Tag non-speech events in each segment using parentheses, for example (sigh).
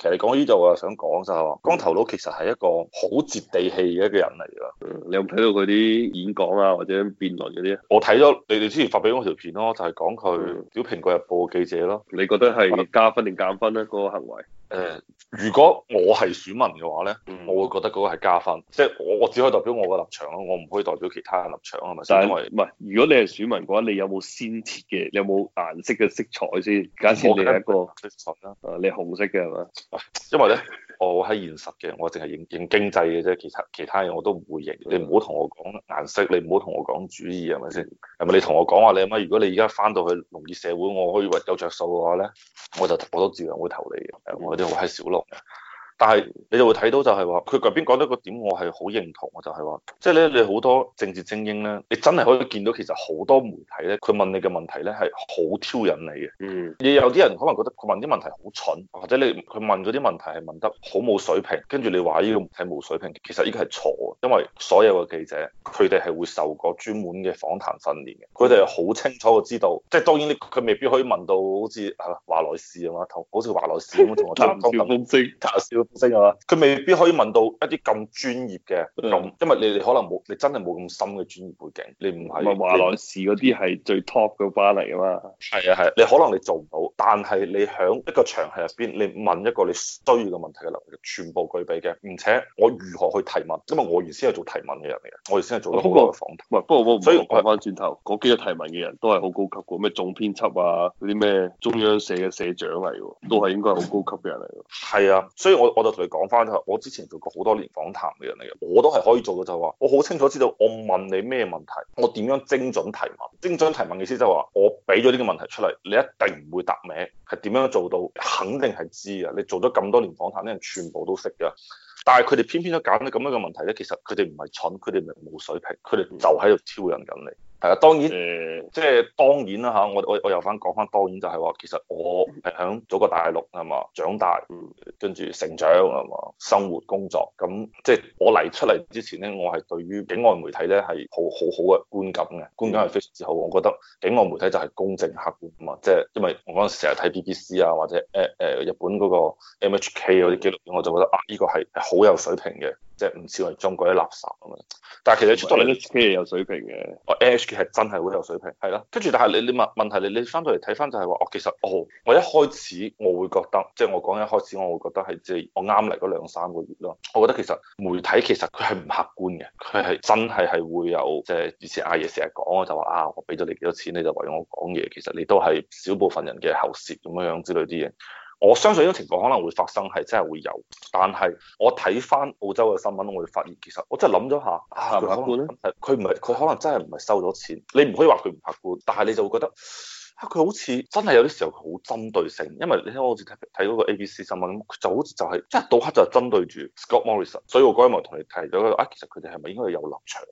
其實講呢就話想講就係話，光頭佬其實係一個好接地氣嘅一個人嚟㗎、嗯。你有冇睇到佢啲演講啊，或者辯論嗰啲？我睇咗你哋之前發俾我條片咯，就係、是、講佢《小蘋果日報》記者咯。嗯、你覺得係加分定減分咧？嗰、那個行為？誒、呃，如果我係選民嘅話咧，嗯、我會覺得嗰個係加分，即係我我只可以代表我嘅立場咯，我唔可以代表其他嘅立場啊，係咪？就係是因為唔係，如果你係選民嘅話，你有冇鮮切嘅？你有冇顏色嘅色彩先？假設你係一個，色彩啦，誒，你紅色嘅係咪？因為咧。我喺現實嘅，我淨係認認經濟嘅啫，其他其他嘢我都唔會認。你唔好同我講顏色，你唔好同我講主義，係咪先？係咪你同我講話你咁啊？如果你而家翻到去農業社會，我可以有話有着數嘅話咧，我就我都自然會投你嘅。我哋好喺小農嘅。 (music) (music) 但係你就會睇到就係話，佢頭邊講到一個點，我係好認同，我就係話，即係咧你好多政治精英咧，你真係可以見到其實好多媒體咧，佢問你嘅問題咧係好挑引你嘅。嗯，你有啲人可能覺得佢問啲問題好蠢，或者你佢問嗰啲問題係問得好冇水平，跟住你話呢個係冇水平，其實呢個係錯，因為所有嘅記者佢哋係會受過專門嘅訪談訓練嘅，佢哋係好清楚嘅知道，即係當然你佢未必可以問到好似係華萊士啊嘛，好似華萊士咁樣同我，我說說樣打。升啊！佢未必可以問到一啲咁專業嘅，咁、嗯、因為你你可能冇，你真係冇咁深嘅專業背景，你唔係華萊士嗰啲係最 top 嗰班嚟啊嘛，係啊係，嗯、你可能你做唔到。但係你喺一個場合入邊，你問一個你需要嘅問題嘅能力全部具備嘅。而且我如何去提問，因為我原先係做提問嘅人嚟嘅，我原先係做咗好多嘅訪談。不過所以我睇返轉頭，嗰幾個提問嘅人都係好高級嘅，咩總編輯啊，嗰啲咩中央社嘅社長嚟嘅，都係應該係好高級嘅人嚟嘅。係啊，所以我我就同你講翻就我之前做過好多年訪談嘅人嚟嘅，我都係可以做嘅、就係，就話我好清楚知道我問你咩問題，我點樣精準提問。精準提問嘅意思就係、係、話，我俾咗呢個問題出嚟，你一定唔會答。係點樣做到？肯定係知啊！你做咗咁多年訪談，啲人全部都識噶。但係佢哋偏偏都揀啲咁樣嘅問題咧，其實佢哋唔係蠢，佢哋唔係冇水平，佢哋就喺度挑釁緊你。係啊，當然，誒、嗯，即係當然啦嚇，我我我又翻講翻當然就係話，其實我係響祖國大陸係嘛，長大跟住成長係嘛，生活工作咁，即係我嚟出嚟之前咧，我係對於境外媒體咧係好好好嘅觀感嘅，觀感係非常之好，我覺得境外媒體就係公正客觀啊嘛，即係因為我嗰陣時成日睇 BBC 啊，或者誒誒日本嗰個 M H K 嗰啲紀錄片，我就覺得啊，依個係係好有水平嘅。即係唔似中國啲垃圾咁樣嘛，但係其實出到嚟都幾有水平嘅，我 NHK 係真係會有水平，係咯。跟住但係你你問問題你，你你翻到嚟睇翻就係話，哦，其實哦，我一開始我會覺得，即係我講一開始我會覺得係即係我啱嚟嗰兩三個月咯。我覺得其實媒體其實佢係唔客觀嘅，佢係真係係會有即係以前阿爺成日講啊，我就話啊，我俾咗你幾多錢你就為咗我講嘢，其實你都係少部分人嘅喉舌咁樣樣之類啲嘢。我相信呢種情況可能會發生，係真係會有。但係我睇翻澳洲嘅新聞，我會發現其實我真係諗咗下，佢、啊、可能唔客觀咧？佢唔係佢可能真係唔係收咗錢，你唔可以話佢唔客觀，但係你就會覺得。佢好似真係有啲時候佢好針對性，因為你聽我好似睇睇嗰個 ABC 新聞，佢就好似就係一到黑就係針對住 Scott Morrison。所以我今日咪同你提咗啊，其實佢哋係咪應該有立場？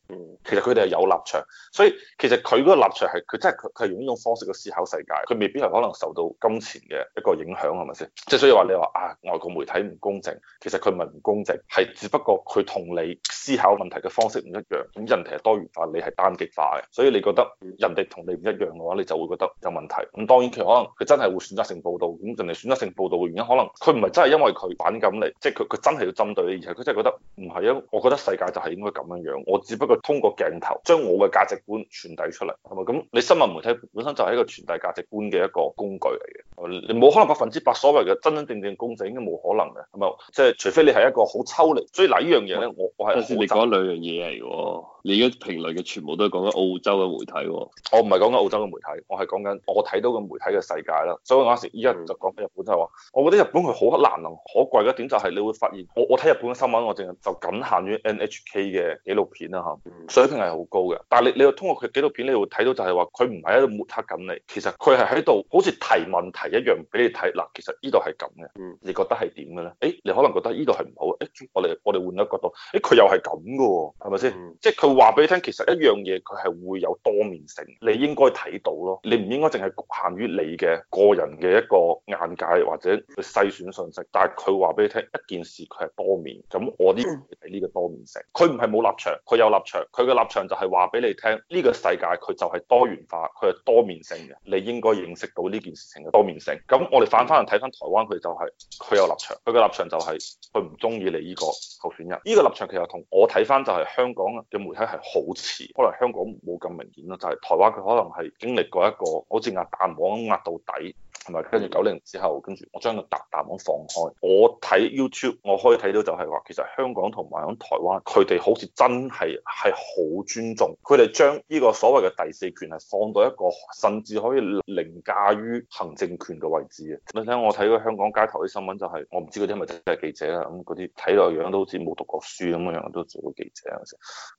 其實佢哋係有立場，所以其實佢嗰個立場係佢真係佢佢係用呢種方式去思考世界，佢未必係可能受到金錢嘅一個影響，係咪先？即係所以話你話啊外國媒體唔公正，其實佢唔係唔公正，係只不過佢同你思考問題嘅方式唔一樣。咁人哋係多元化，你係單極化嘅，所以你覺得人哋同你唔一樣嘅話，你就會覺得問題咁，當然佢可能佢真係會選擇性報導，咁盡力選擇性報導嘅原因，可能佢唔係真係因為佢反感你，即係佢佢真係要針對你，而係佢真係覺得唔係啊！我覺得世界就係應該咁樣樣，我只不過通過鏡頭將我嘅價值觀傳遞出嚟，係咪咁？你新聞媒體本身就係一個傳遞價值觀嘅一個工具嚟嘅，你冇可能百分之百所謂嘅真真正正公正，應該冇可能嘅，係咪？即係除非你係一個好抽離，所以嗱呢樣嘢咧，是我我係理解兩樣嘢嚟喎。你而家評論嘅全部都係講緊澳洲嘅媒體喎，我唔係講緊澳洲嘅媒體，我係講緊我睇到嘅媒體嘅世界啦。所以嗰陣時依家就講緊日本就係話，我覺得日本佢好難能可貴嘅一點就係，你會發現我我睇日本嘅新聞，我淨係就僅限於 NHK 嘅紀錄片啦嚇，水平係好高嘅。但係你你通過佢紀錄片，你會睇到就係話，佢唔係喺度抹黑緊你，其實佢係喺度好似提問題一樣俾你睇。嗱，其實呢度係咁嘅，你覺得係點嘅咧？誒，你可能覺得呢度係唔好，誒，我哋我哋換一個角度，誒，佢又係咁嘅喎，係咪先？即係佢。話俾你聽，其實一樣嘢佢係會有多面性，你應該睇到咯，你唔應該淨係局限於你嘅個人嘅一個眼界或者去篩選信息。但係佢話俾你聽，一件事佢係多面，咁我呢係呢個多面性，佢唔係冇立場，佢有立場，佢嘅立，立場就係話俾你聽，呢、呢個世界佢就係多元化，佢係多面性嘅，你應該認識到呢件事情嘅多面性。咁我哋反翻嚟睇翻台灣，佢就係、係、佢有立場，佢嘅立場就係佢唔中意你呢個候選人。呢、呢個立場其實同我睇翻就係香港嘅媒體。係好遲，可能香港冇咁明顯啦，就係台灣佢可能係經歷過一個好似壓彈簧咁壓到底。同埋跟住九零之後，跟住我將個大大網放開。我睇 YouTube，我可以睇到就係話，其實香港同埋響台灣，佢哋好似真係係好尊重，佢哋將呢個所謂嘅第四權係放到一個甚至可以凌駕於行政權嘅位置嘅。你睇，我睇過香港街頭啲新聞，就係我唔知嗰啲係咪真係記者啦。咁嗰啲睇落樣都好似冇讀過書咁嘅樣，都做過記者。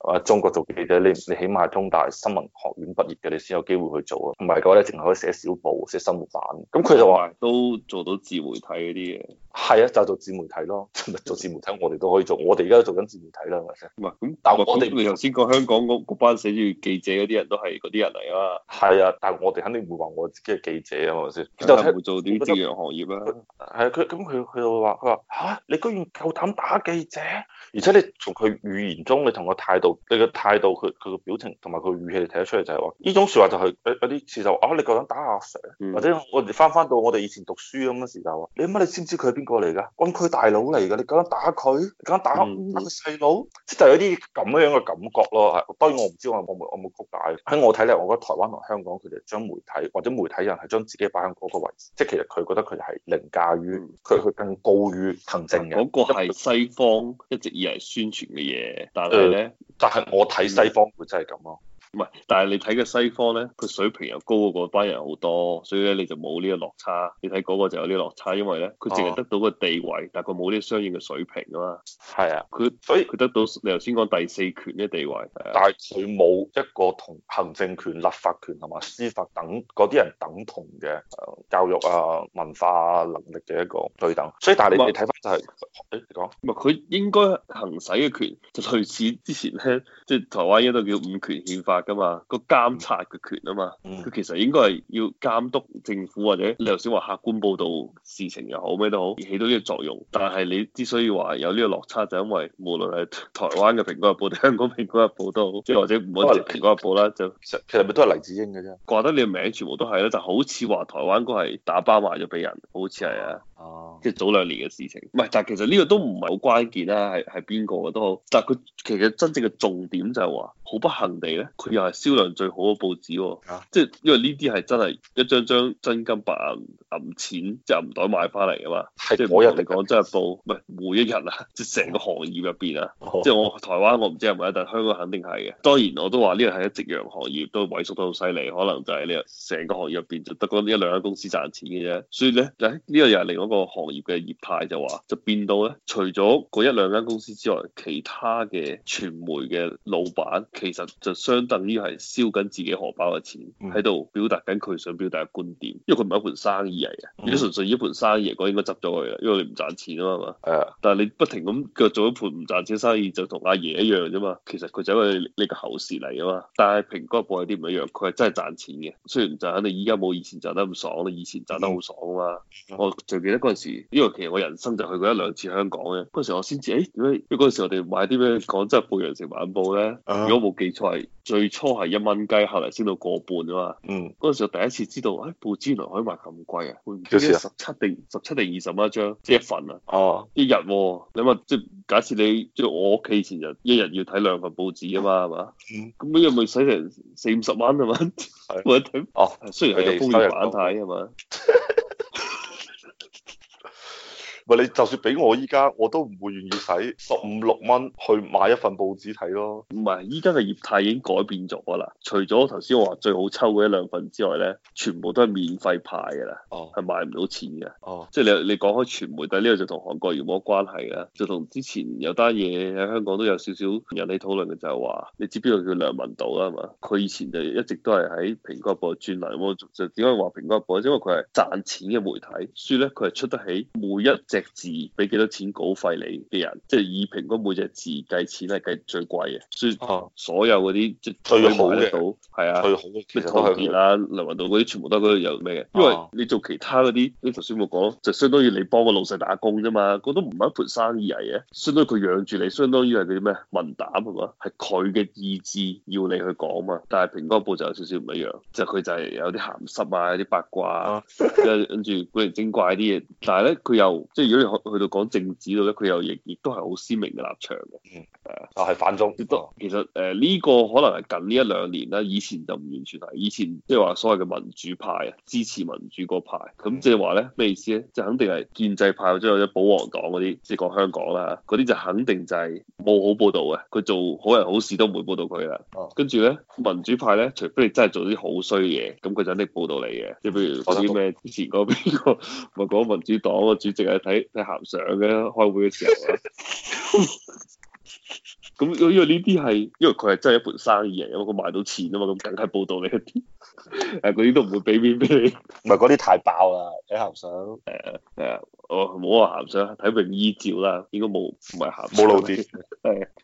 我中國做記者，你你，起碼係中大新聞學院畢業嘅，你先有機會去做啊。唔係嘅話咧，淨係可以寫小報、寫生活版。咁佢就話、哦、都做到自媒體嗰啲嘢。係啊，就係、做自媒體咯，做自媒體我哋都可以做，我哋而家都做緊自媒體啦，係咪先？咁，但係我哋你頭先講香港嗰班寫住記者嗰啲人都係嗰啲人嚟啊。係啊，但係我哋肯定唔會話我自己係記者啊，係咪先？就係會做啲自養行業啦。係啊，佢咁佢佢會話，佢話嚇你居然夠膽打記者，而且你從佢語言中、你同個態度、你嘅態度、佢佢嘅表情同埋佢語氣睇得出嚟，就係話呢種説話就係、是、有啲似就啊，你夠膽打阿 Sir？、嗯、或者我哋翻翻到我哋以前讀書咁嘅時候啊，你乜你知唔知佢喺邊？過嚟㗎，軍區大佬嚟㗎，你咁樣打佢，你咁樣打、嗯、打細佬，即、就、係、是、有啲咁樣嘅感覺咯。當然我唔知我有冇我冇曲解。喺我睇咧，我覺得台灣同香港佢哋將媒體或者媒體人係將自己擺喺嗰個位置，即係其實佢覺得佢係凌駕於佢佢、嗯、更高於行政嘅。嗰個係西方一直以嚟宣傳嘅嘢，但係咧、呃，但係我睇西方會真係咁咯。唔係，但係你睇嘅西方咧，佢水平又高過班人好多，所以咧你就冇呢個落差。你睇嗰個就有啲落差，因為咧佢淨係得到個地位，啊、但係佢冇呢個相應嘅水平啊嘛。係啊，佢它所以佢得到你頭先講第四權嘅地位，啊、但係佢冇一個同行政權、立法權同埋司法等嗰啲人等同嘅教育啊、文化、啊、能力嘅一個對等。所以但係你哋睇返就係、是是哎，你講唔係佢應該行使嘅權就類似之前咧，即係台灣一度叫五權憲法。噶嘛，個監察嘅權啊嘛、嗯，佢其實應該係要監督政府或者你頭先話客觀報導事情又好咩都好，而起到呢個作用。但係你之所以話有呢個落差，就因為無論係台灣嘅《蘋果日報》定香港《蘋果日報》都好，即係或者唔好講《蘋果日報》啦，就其實咪都係黎智英嘅啫。掛得你嘅名，全部都係咧，就好似話台灣嗰係打包埋咗俾人，好似係啊，即係早兩年嘅事情。唔係，但係其實呢個都唔係好關鍵啦、啊。係係邊個嘅都好，但係佢其實真正嘅重點就係話。好不幸地咧，佢又係銷量最好嘅報紙、哦，啊、即係因為呢啲係真係一張張真金白銀銀錢即銀袋買翻嚟㗎嘛，即係每日嚟講真係報唔係每一日啊，即係成個行業入邊啊，哦、即係我台灣我唔知係咪，但香港肯定係嘅。當然我都話呢個係一夕陽行業都萎縮得好犀利，可能就係呢個成個行業入邊就得嗰一兩間公司賺錢嘅啫。所以咧，嗱呢個又係另一個行業嘅業態就話就變到咧，除咗嗰一兩間公司之外，其他嘅傳媒嘅老闆。其實就相當於係燒緊自己荷包嘅錢，喺度、嗯、表達緊佢想表達嘅觀點，因為佢唔係一盤生意嚟嘅，嗯、如果純粹一盤生意，嚟講應該執咗佢嘅，因為你唔賺錢啊嘛。係啊、嗯，但係你不停咁腳做一盤唔賺錢生意，就同阿爺，爺一樣啫嘛。其實佢就係你個口舌嚟啊嘛。但係蘋果報有啲唔一樣，佢係真係賺錢嘅，雖然賺肯定依家冇以前賺得咁爽啦，以前賺得好爽啊嘛。嗯、我最記得嗰陣時，因為其實我人生就去過一兩次香港嘅，嗰時我先知誒點解，因、欸欸、為嗰陣時我哋買啲咩廣州《羊城晚報》咧，如果冇記錯，係最初係一蚊雞，後嚟先到過半啊嘛。嗯，嗰陣時第一次知道，哎，報紙原來可以賣咁貴啊，報紙十七定十七定二十蚊一張，即、就是、一份啊。哦、啊，一日、啊、你咪即係假設你即係我屋企前日一日要睇兩份報紙啊嘛，係嘛？咁、嗯、你咪使成四五十蚊啊嘛。係，我睇。哦， (laughs) 雖然係個工業版睇，係嘛是吧。 (laughs) 唔，你就算俾我依家，我都唔會願意使十五六蚊去買一份報紙睇咯。唔係依家嘅業態已經改變咗啦。除咗頭先我話最好抽嘅一兩份之外咧，全部都係免費派㗎啦。哦，oh，係賣唔到錢嘅。哦，即係你，你講開傳媒，但呢個就同韓國冇關係嘅？就同之前有單嘢喺香港都有少少人起討論嘅就係話，你知邊個叫梁文道啦係嘛？佢以前就一直都係喺《蘋果報》轉嚟，就點解話《蘋果報》？因為佢係賺錢嘅媒體，所以咧佢係出得起每一隻。隻字俾幾多錢稿費你啲人，即係以平均每隻字計錢係計最貴嘅，所以所有嗰啲即係最好嘅，係啊，最好嘅。你唐傑啦，梁文道嗰啲全部都係嗰度有咩嘅？因為你做其他嗰啲，你頭先冇講，就相當於你幫個老細打工啫嘛，嗰都唔係一盤生意嚟嘅，相當於佢養住你，相當於係啲咩文膽啊嘛，係佢嘅意志要你去講嘛。但係《蘋果報》就有少少唔一樣，即係佢就係、是、有啲鹹濕啊，有啲八卦、啊，跟住古靈精怪啲嘢。但係咧，佢又即係。如果你去到講政治度咧，佢又亦亦都係好鮮明嘅立場嘅，係、嗯、啊，係、啊、反中、啊。其實誒呢、uh, 個可能係近呢一兩年啦、啊，以前就唔完全係。以前即係話所謂嘅民主派啊，支持民主嗰派，咁即係話咧咩意思咧、sure？即係、肯定係建制派或者保皇黨嗰啲，即係講香港啦，嗰啲就肯定就係冇好報導嘅。佢做好人好事都唔會報導佢啦。啊、跟住咧民主派咧，除非你真係做啲好衰嘢，咁佢就肯定報導你嘅。即係譬如講啲咩之前嗰邊個咪講民主黨個主席係睇。你咸上嘅開會嘅時候，咁 (laughs) (laughs) 因為呢啲係因為佢係真係一盤生意嚟，咁佢賣到錢啊嘛，咁梗係報道你一啲，但嗰啲都唔會俾面俾你，唔係嗰啲太爆啦，鹹相，係 (laughs) 啊，係、啊、我冇話鹹相，睇泳衣照啦，應該冇唔係鹹冇露啲，係。 (laughs)